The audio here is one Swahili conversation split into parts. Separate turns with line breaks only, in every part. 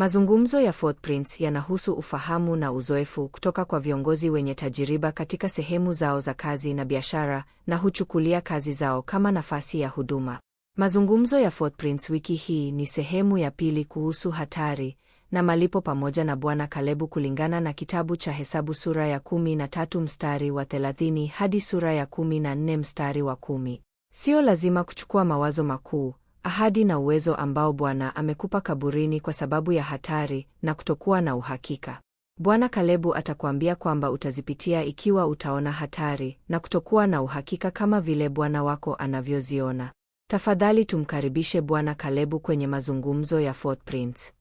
Mazungumzo ya Footprints yanahusu ufahamu na uzoefu kutoka kwa viongozi wenye tajiriba katika sehemu zao za kazi na biashara na huchukulia kazi zao kama nafasi ya huduma. Mazungumzo ya Footprints wiki hii ni sehemu ya pili kuhusu hatari na malipo pamoja na Bwana Kalebu kulingana na kitabu cha Hesabu sura ya kumi na tatu mstari wa 30 hadi sura ya kumi na nne mstari wa kumi. Sio lazima kuchukua mawazo makuu ahadi na uwezo ambao Bwana amekupa kaburini kwa sababu ya hatari na kutokuwa na uhakika. Bwana Kalebu atakuambia kwamba utazipitia ikiwa utaona hatari na kutokuwa na uhakika kama vile Bwana wako anavyoziona. Tafadhali tumkaribishe Bwana Kalebu kwenye mazungumzo ya Footprints.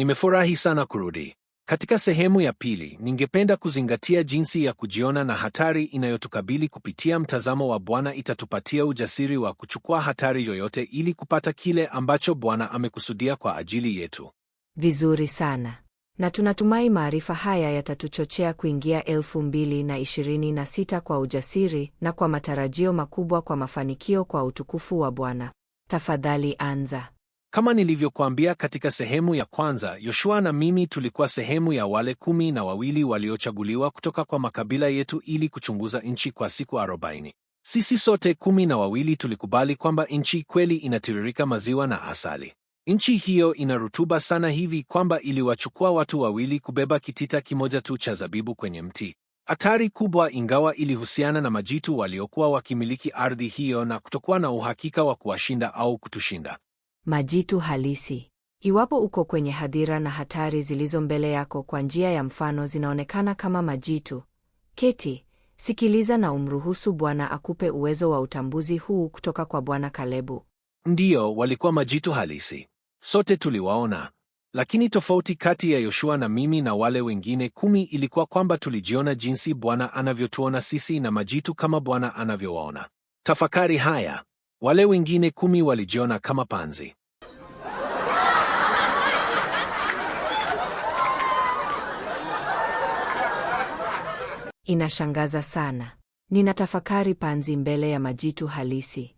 Nimefurahi sana kurudi. Katika sehemu ya pili, ningependa kuzingatia jinsi ya kujiona na hatari inayotukabili kupitia mtazamo wa Bwana itatupatia ujasiri wa kuchukua hatari yoyote ili kupata kile ambacho Bwana amekusudia kwa ajili yetu.
Vizuri sana. Na tunatumai maarifa haya yatatuchochea kuingia 2026 kwa ujasiri na kwa matarajio makubwa kwa mafanikio kwa utukufu wa Bwana. Tafadhali anza.
Kama nilivyokuambia katika sehemu ya kwanza, Yoshua na mimi tulikuwa sehemu ya wale kumi na wawili waliochaguliwa kutoka kwa makabila yetu ili kuchunguza nchi kwa siku arobaini. Sisi sote kumi na wawili tulikubali kwamba nchi kweli inatiririka maziwa na asali. Nchi hiyo ina rutuba sana hivi kwamba iliwachukua watu wawili kubeba kitita kimoja tu cha zabibu kwenye mti. Hatari kubwa, ingawa ilihusiana na majitu waliokuwa wakimiliki ardhi hiyo na kutokuwa na uhakika wa kuwashinda au kutushinda.
Majitu halisi. Iwapo uko kwenye hadhira na hatari zilizo mbele yako kwa njia ya mfano zinaonekana kama majitu, keti, sikiliza na umruhusu Bwana akupe uwezo wa utambuzi huu kutoka kwa Bwana. Kalebu:
ndiyo, walikuwa majitu halisi, sote tuliwaona, lakini tofauti kati ya Yoshua na mimi na wale wengine kumi ilikuwa kwamba tulijiona jinsi Bwana anavyotuona sisi na majitu kama Bwana anavyowaona. Tafakari haya. Wale wengine kumi walijiona kama panzi.
Inashangaza sana. Ninatafakari panzi mbele ya majitu halisi.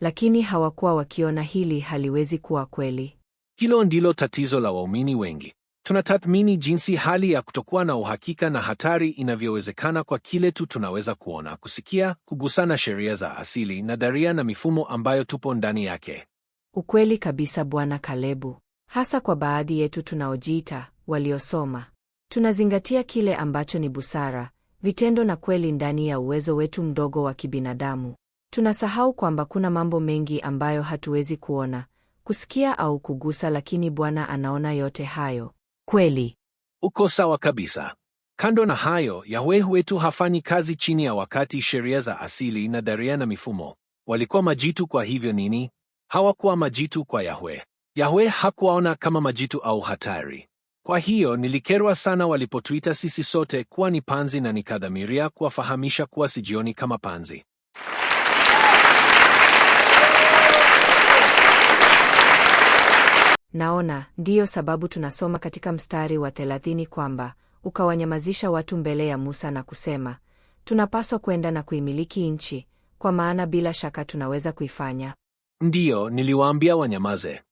Lakini hawakuwa wakiona hili haliwezi kuwa kweli.
Hilo ndilo tatizo la waumini wengi. Tunatathmini jinsi hali ya kutokuwa na uhakika na hatari inavyowezekana kwa kile tu tunaweza kuona, kusikia, kugusana sheria za asili, nadharia na mifumo ambayo tupo ndani yake.
Ukweli kabisa, Bwana Kalebu, hasa kwa baadhi yetu tunaojiita waliosoma. Tunazingatia kile ambacho ni busara, vitendo na kweli ndani ya uwezo wetu mdogo wa kibinadamu. Tunasahau kwamba kuna mambo mengi ambayo hatuwezi kuona, kusikia au kugusa, lakini Bwana anaona yote hayo. Kweli
uko sawa kabisa. Kando na hayo, Yahweh wetu hafanyi kazi chini ya wakati, sheria za asili, nadharia na mifumo. Walikuwa majitu, kwa hivyo nini? Hawakuwa majitu kwa Yahweh. Yahweh hakuwaona kama majitu au hatari. Kwa hiyo nilikerwa sana walipotuita sisi sote kuwa ni panzi, na nikadhamiria kuwafahamisha kuwa sijioni kama panzi.
Naona ndiyo sababu tunasoma katika mstari wa thelathini kwamba ukawanyamazisha watu mbele ya Musa na kusema, tunapaswa kwenda na kuimiliki nchi, kwa maana bila shaka tunaweza kuifanya.
Ndiyo, niliwaambia wanyamaze.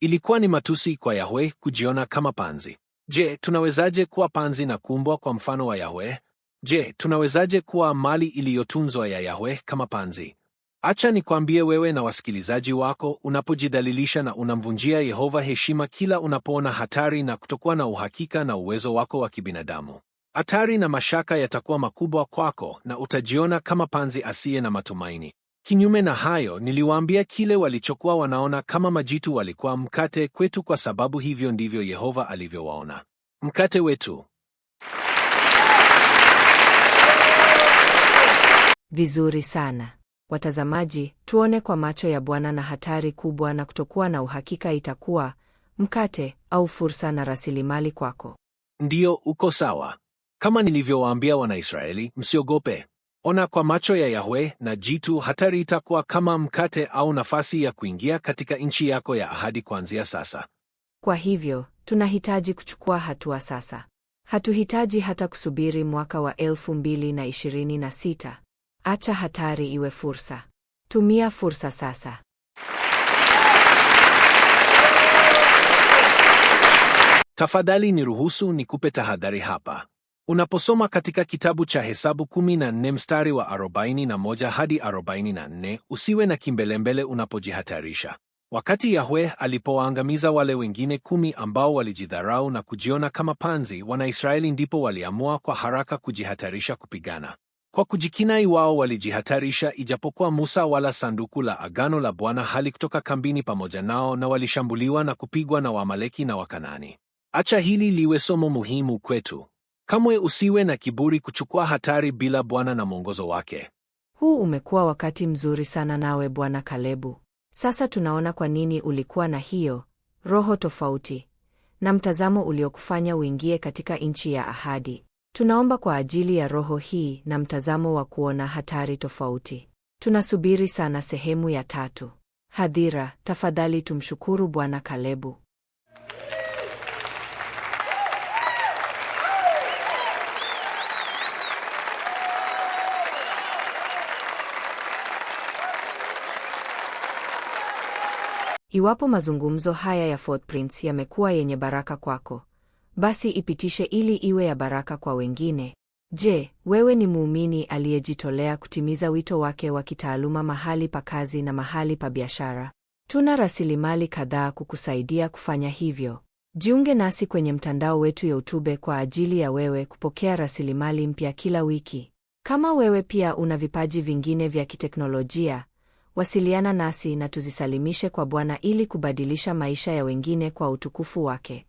Ilikuwa ni matusi kwa Yahwe kujiona kama panzi. Je, tunawezaje kuwa panzi na kuumbwa kwa mfano wa Yahwe? Je, tunawezaje kuwa mali iliyotunzwa ya Yahwe kama panzi? Acha nikwambie wewe na wasikilizaji wako, unapojidhalilisha na unamvunjia Yehova heshima kila unapoona hatari na kutokuwa na uhakika na uwezo wako wa kibinadamu, hatari na mashaka yatakuwa makubwa kwako na utajiona kama panzi asiye na matumaini. Kinyume na hayo, niliwaambia kile walichokuwa wanaona kama majitu walikuwa mkate kwetu, kwa sababu hivyo ndivyo Yehova alivyowaona mkate wetu.
Vizuri sana. Watazamaji, tuone kwa macho ya Bwana na hatari kubwa na kutokuwa na uhakika itakuwa mkate au fursa na rasilimali kwako.
Ndiyo, uko sawa. Kama nilivyowaambia Wanaisraeli, msiogope. Ona kwa macho ya Yahwe na jitu, hatari itakuwa kama mkate au nafasi ya kuingia katika nchi yako ya ahadi kuanzia sasa.
Kwa hivyo, tunahitaji kuchukua hatua sasa. Hatuhitaji hata kusubiri mwaka wa elfu mbili na ishirini na sita. Acha hatari iwe fursa. Tumia fursa sasa.
Tafadhali niruhusu nikupe tahadhari hapa. Unaposoma katika kitabu cha Hesabu 14 mstari wa 41 hadi 44, usiwe na kimbelembele unapojihatarisha. Wakati Yahwe alipowaangamiza wale wengine kumi ambao walijidharau na kujiona kama panzi, Wanaisraeli ndipo waliamua kwa haraka kujihatarisha kupigana. Kwa kujikinai wao walijihatarisha, ijapokuwa Musa wala sanduku la agano la Bwana halikutoka kambini pamoja nao, na walishambuliwa na kupigwa na Waamaleki na Wakanani. Acha hili liwe somo muhimu kwetu. Kamwe usiwe na kiburi kuchukua hatari bila Bwana na mwongozo wake.
Huu umekuwa wakati mzuri sana nawe Bwana Kalebu. Sasa tunaona kwa nini ulikuwa na hiyo roho tofauti na mtazamo uliokufanya uingie katika nchi ya ahadi. Tunaomba kwa ajili ya roho hii na mtazamo wa kuona hatari tofauti. Tunasubiri sana sehemu ya tatu. Hadhira, tafadhali tumshukuru Bwana Kalebu.
Iwapo mazungumzo haya ya Footprints yamekuwa yenye baraka kwako, basi ipitishe ili iwe ya baraka kwa wengine. Je, wewe ni muumini aliyejitolea kutimiza wito wake wa kitaaluma mahali pa kazi na mahali pa biashara? Tuna rasilimali kadhaa kukusaidia kufanya hivyo. Jiunge nasi kwenye mtandao wetu YouTube kwa ajili ya wewe kupokea rasilimali mpya kila wiki. Kama wewe pia una vipaji vingine vya kiteknolojia, wasiliana nasi na tuzisalimishe kwa Bwana ili kubadilisha maisha ya wengine kwa utukufu wake.